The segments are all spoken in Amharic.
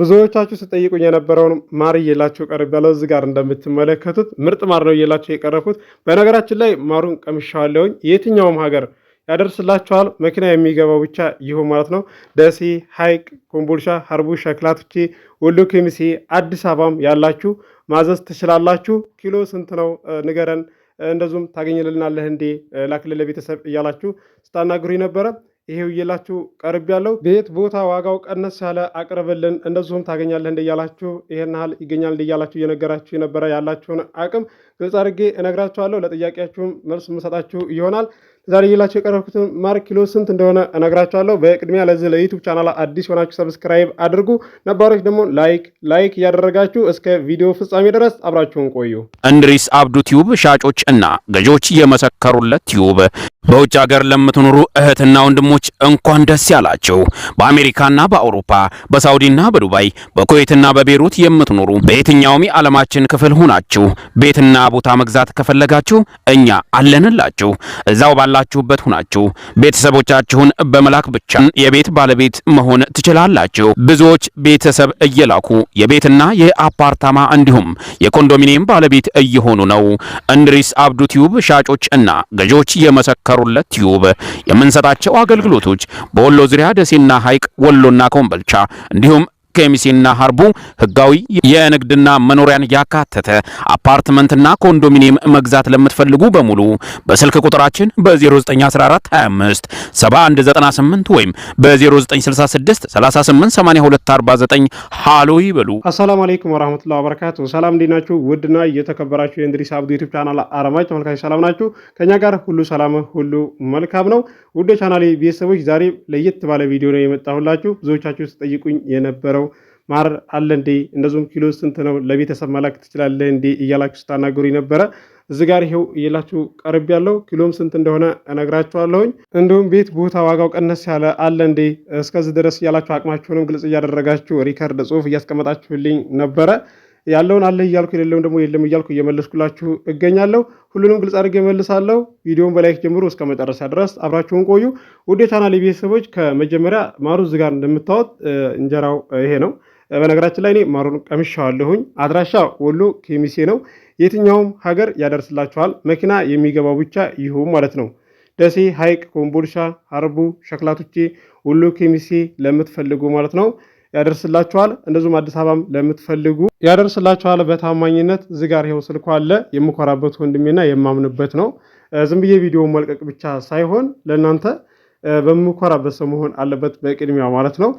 ብዙዎቻችሁ ስጠይቁኝ የነበረውን ማር እየላችሁ ቀርቤያለሁ። እዚህ ጋር እንደምትመለከቱት ምርጥ ማር ነው እየላችሁ የቀረብኩት። በነገራችን ላይ ማሩን ቀምሻዋለውኝ። የትኛውም ሀገር ያደርስላችኋል፣ መኪና የሚገባው ብቻ ይሁን ማለት ነው። ደሴ፣ ሀይቅ፣ ኮምቦልሻ፣ ሀርቡ፣ ሸክላትቼ፣ ወሎ፣ ከሚሴ፣ አዲስ አበባም ያላችሁ ማዘዝ ትችላላችሁ። ኪሎ ስንት ነው ንገረን፣ እንደዚሁም ታገኝልናለህ እንዴ ላክልለ ቤተሰብ እያላችሁ ስታናግሩ ነበረ። ይሄው እየላችሁ ቀርብ ያለው ቤት ቦታ ዋጋው ቀነስ ያለ አቅርብልን፣ እንደዚሁም ታገኛለህ እንደያላችሁ ይሄን ያህል ይገኛል እንደያላችሁ እየነገራችሁ የነበረ ያላችሁን አቅም ግልጽ አድርጌ እነግራችኋለሁ። ለጥያቄያችሁም መልስ የምሰጣችሁ ይሆናል። ዛሬ ይላችሁ የቀረብኩት ማር ኪሎ ስንት እንደሆነ እነግራችኋለሁ። በቅድሚያ ለዚህ ለዩቱብ ቻናል አዲስ ሆናችሁ ሰብስክራይብ አድርጉ፣ ነባሮች ደግሞ ላይክ ላይክ እያደረጋችሁ እስከ ቪዲዮ ፍጻሜ ድረስ አብራችሁን ቆዩ። እንድሪስ አብዱ ቲዩብ ሻጮች እና ገዢዎች የመሰከሩለት ቲዩብ። በውጭ ሀገር ለምትኖሩ እህትና ወንድሞች እንኳን ደስ ያላችሁ። በአሜሪካና በአውሮፓ በሳውዲና በዱባይ በኩዌትና በቤሩት የምትኖሩ በየትኛውም የዓለማችን ክፍል ሆናችሁ ቤትና ቦታ መግዛት ከፈለጋችሁ እኛ አለንላችሁ እዛው ባላ ባላችሁበት ሁናችሁ ቤተሰቦቻችሁን በመላክ ብቻ የቤት ባለቤት መሆን ትችላላችሁ። ብዙዎች ቤተሰብ እየላኩ የቤትና የአፓርታማ እንዲሁም የኮንዶሚኒየም ባለቤት እየሆኑ ነው። እንድሪስ አብዱ ቲዩብ ሻጮች እና ገዢዎች የመሰከሩለት ቲዩብ የምንሰጣቸው አገልግሎቶች በወሎ ዙሪያ ደሴና ሐይቅ፣ ወሎና ኮምበልቻ እንዲሁም ከሚሴና ሀርቡ ህጋዊ የንግድና መኖሪያን ያካተተ አፓርትመንትና ኮንዶሚኒየም መግዛት ለምትፈልጉ በሙሉ በስልክ ቁጥራችን በ 0914257198 7198 ወይም በ0966 38 8249 ሃሎ ይበሉ። አሰላሙ አለይኩም ወራህመቱላሂ ወበረካቱ። ሰላም እንዴት ናችሁ? ውድና እየተከበራችሁ የእንድሪስ አብዱ ዩቲዩብ ቻናል አረማጭ ተመልካች ሰላም ናችሁ? ከኛ ጋር ሁሉ ሰላም ሁሉ መልካም ነው። ውድ ቻናሌ ቤተሰቦች ዛሬ ለየት ባለ ቪዲዮ ነው የመጣሁላችሁ። ብዙዎቻችሁ ስጠይቁኝ የነበረው ማር አለ እንዴ? እንደዚሁም ኪሎ ስንት ነው? ለቤተሰብ መላክ ትችላለህ እንዴ? እያላችሁ ስታናገሩ ነበረ። እዚህ ጋር ይሄው እየላችሁ ቀርብ ያለው ኪሎም ስንት እንደሆነ እነግራችኋለሁኝ። እንዲሁም ቤት ቦታ ዋጋው ቀነስ ያለ አለ እንዴ? እስከዚህ ድረስ እያላችሁ አቅማችሁንም ግልጽ እያደረጋችሁ ሪከርድ ጽሁፍ እያስቀመጣችሁልኝ ነበረ። ያለውን አለ እያልኩ የሌለውን ደግሞ የለም እያልኩ እየመለስኩላችሁ እገኛለሁ። ሁሉንም ግልጽ አድርጌ እመልሳለሁ። ቪዲዮውን በላይክ ጀምሮ እስከ መጨረሻ ድረስ አብራችሁን ቆዩ። ውድ የቻናል ቤተሰቦች ከመጀመሪያ ማሩ እዚህ ጋር እንደምታወት እንጀራው ይሄ ነው። በነገራችን ላይ እኔ ማሩን ቀምሻዋለሁኝ። አድራሻ ወሎ ኬሚሴ ነው። የትኛውም ሀገር ያደርስላችኋል። መኪና የሚገባው ብቻ ይሁ ማለት ነው። ደሴ፣ ሐይቅ፣ ኮምቦልሻ፣ አርቡ ሸክላቶቼ ወሎ ኬሚሴ ለምትፈልጉ ማለት ነው ያደርስላችኋል። እንደዚሁም አዲስ አበባም ለምትፈልጉ ያደርስላችኋል በታማኝነት። እዚህ ጋር ይኸው አለ። የምኮራበት ወንድሜና የማምንበት ነው። ዝም ብዬ ቪዲዮ መልቀቅ ብቻ ሳይሆን ለእናንተ በምኮራበት ሰው መሆን አለበት በቅድሚያ ማለት ነው።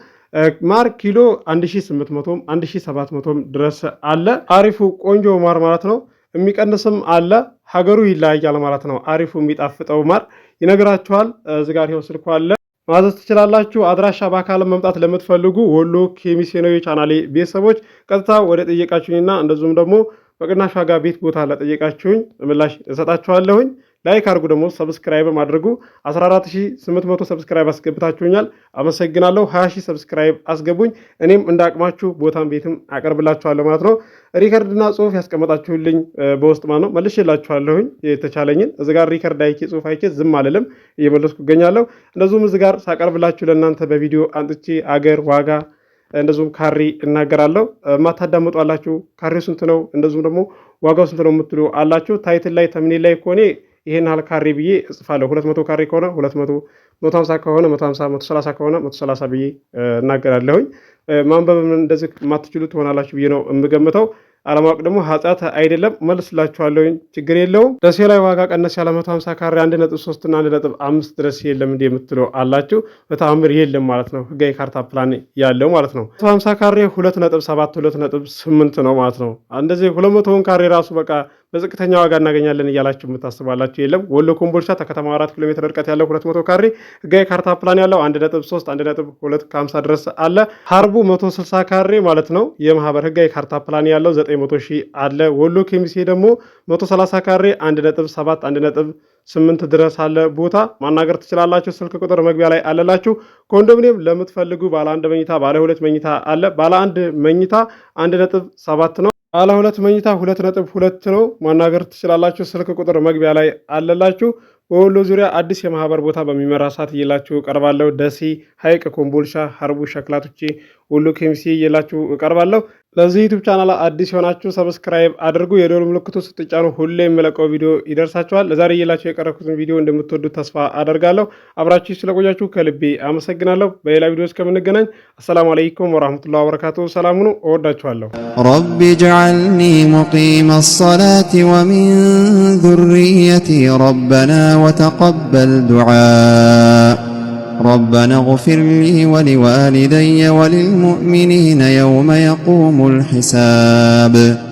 ማር ኪሎ 1800ም 1700 ድረስ አለ። አሪፉ ቆንጆ ማር ማለት ነው። የሚቀንስም አለ። ሀገሩ ይለያያል ማለት ነው። አሪፉ የሚጣፍጠው ማር ይነግራችኋል። እዚህ ጋር ይኸው ስልኩ አለ፣ ማዘዝ ትችላላችሁ። አድራሻ በአካል መምጣት ለምትፈልጉ ወሎ ኬሚሴ ነው የቻናሌ ቤተሰቦች። ቀጥታ ወደ ጠየቃችሁኝና እንደዚሁም ደግሞ በቅናሽ ዋጋ ቤት ቦታ ለጠየቃችሁኝ ምላሽ እሰጣችኋለሁኝ። ላይክ አድርጉ፣ ደግሞ ሰብስክራይብ ማድረጉ 14800 ሰብስክራይብ አስገብታችሁኛል፣ አመሰግናለሁ። 20000 ሰብስክራይብ አስገቡኝ፣ እኔም እንደ አቅማችሁ ቦታም ቤትም አቀርብላችኋለሁ ማለት ነው። ሪከርድና ጽሁፍ ያስቀመጣችሁልኝ በውስጥ ማለት ነው መልሼላችኋለሁኝ የተቻለኝን። እዚ ጋር ሪከርድ አይቼ ጽሁፍ አይቼ ዝም አልልም፣ እየመለስኩ እገኛለሁ። እንደዚሁም እዚ ጋር ሳቀርብላችሁ ለእናንተ በቪዲዮ አንጥቼ አገር ዋጋ እንደዚሁም ካሬ እናገራለሁ። ማታዳምጡ አላችሁ፣ ካሬው ስንት ነው፣ እንደዚሁም ደግሞ ዋጋው ስንት ነው የምትሉ አላችሁ። ታይትል ላይ ተምኔ ላይ ከሆኔ ይሄን ያህል ካሬ ብዬ እጽፋለሁ። ሁለት መቶ ካሬ ከሆነ ሁለት መቶ መቶ ሀምሳ ከሆነ መቶ ሀምሳ መቶ ሰላሳ ከሆነ መቶ ሰላሳ ብዬ እናገራለሁኝ። ማንበብም እንደዚህ የማትችሉ ትሆናላችሁ ብዬ ነው የምገምተው። አለማወቅ ደግሞ ኃጢአት አይደለም። መልስላችኋለሁኝ። ችግር የለውም። ደሴ ላይ ዋጋ ቀነስ ያለ መቶ ሀምሳ ካሬ አንድ ነጥብ ሶስት እና አንድ ነጥብ አምስት ድረስ የለም እንዲ የምትለው አላችሁ። በተአምር የለም ማለት ነው። ህጋዊ ካርታ ፕላን ያለው ማለት ነው። መቶ ሀምሳ ካሬ ሁለት ነጥብ ሰባት ሁለት ነጥብ ስምንት ነው ማለት ነው። እንደዚህ ሁለት መቶውን ካሬ ራሱ በቃ በዝቅተኛ ዋጋ እናገኛለን እያላችሁ የምታስባላችሁ የለም። ወሎ ኮምቦልቻ ተከተማ አራት ኪሎ ሜትር ርቀት ያለው ሁለት መቶ ካሬ ህጋዊ ካርታ ፕላን ያለው አንድ ነጥብ ሶስት አንድ ነጥብ ሁለት ከሀምሳ ድረስ አለ። ሀርቡ መቶ ስልሳ ካሬ ማለት ነው የማህበር ህጋዊ ካርታ ፕላን ያለው ዘጠኝ መቶ ሺህ አለ። ወሎ ኬሚሴ ደግሞ መቶ ሰላሳ ካሬ አንድ ነጥብ ሰባት አንድ ነጥብ ስምንት ድረስ አለ። ቦታ ማናገር ትችላላችሁ። ስልክ ቁጥር መግቢያ ላይ አለላችሁ። ኮንዶሚኒየም ለምትፈልጉ ባለ አንድ መኝታ፣ ባለ ሁለት መኝታ አለ። ባለ አንድ መኝታ አንድ ነጥብ ሰባት ነው። ባለ ሁለት መኝታ ሁለት ነጥብ ሁለት ነው። ማናገር ትችላላችሁ። ስልክ ቁጥር መግቢያ ላይ አለላችሁ። በወሎ ዙሪያ አዲስ የማህበር ቦታ በሚመራ ሰዓት እየላችሁ እቀርባለሁ። ደሴ፣ ሐይቅ፣ ኮምቦልሻ፣ ሀርቡ፣ ሸክላቶቼ፣ ወሎ ኬሚሴ እየላችሁ እቀርባለሁ። ለዚህ ዩቱብ ቻናል አዲስ የሆናችሁ ሰብስክራይብ አድርጉ። የደወል ምልክቱ ስትጫኑ ሁሌ የሚለቀው ቪዲዮ ይደርሳችኋል። ለዛሬ እየላችሁ የቀረብኩትን ቪዲዮ እንደምትወዱት ተስፋ አደርጋለሁ። አብራችሁ ስለቆያችሁ ከልቤ አመሰግናለሁ። በሌላ ቪዲዮ እስከምንገናኝ አሰላሙ አለይኩም ወራህመቱላ ወበረካቱ። ሰላም ሁኑ። እወዳችኋለሁ። ረቢ ጅዓልኒ ሙቂመ ሰላቲ ወሚን ዙርየቲ ረበና ወተቀበል ዱዓ ربنا اغفر لي ولوالدي وللمؤمنين يوم يقوم الحساب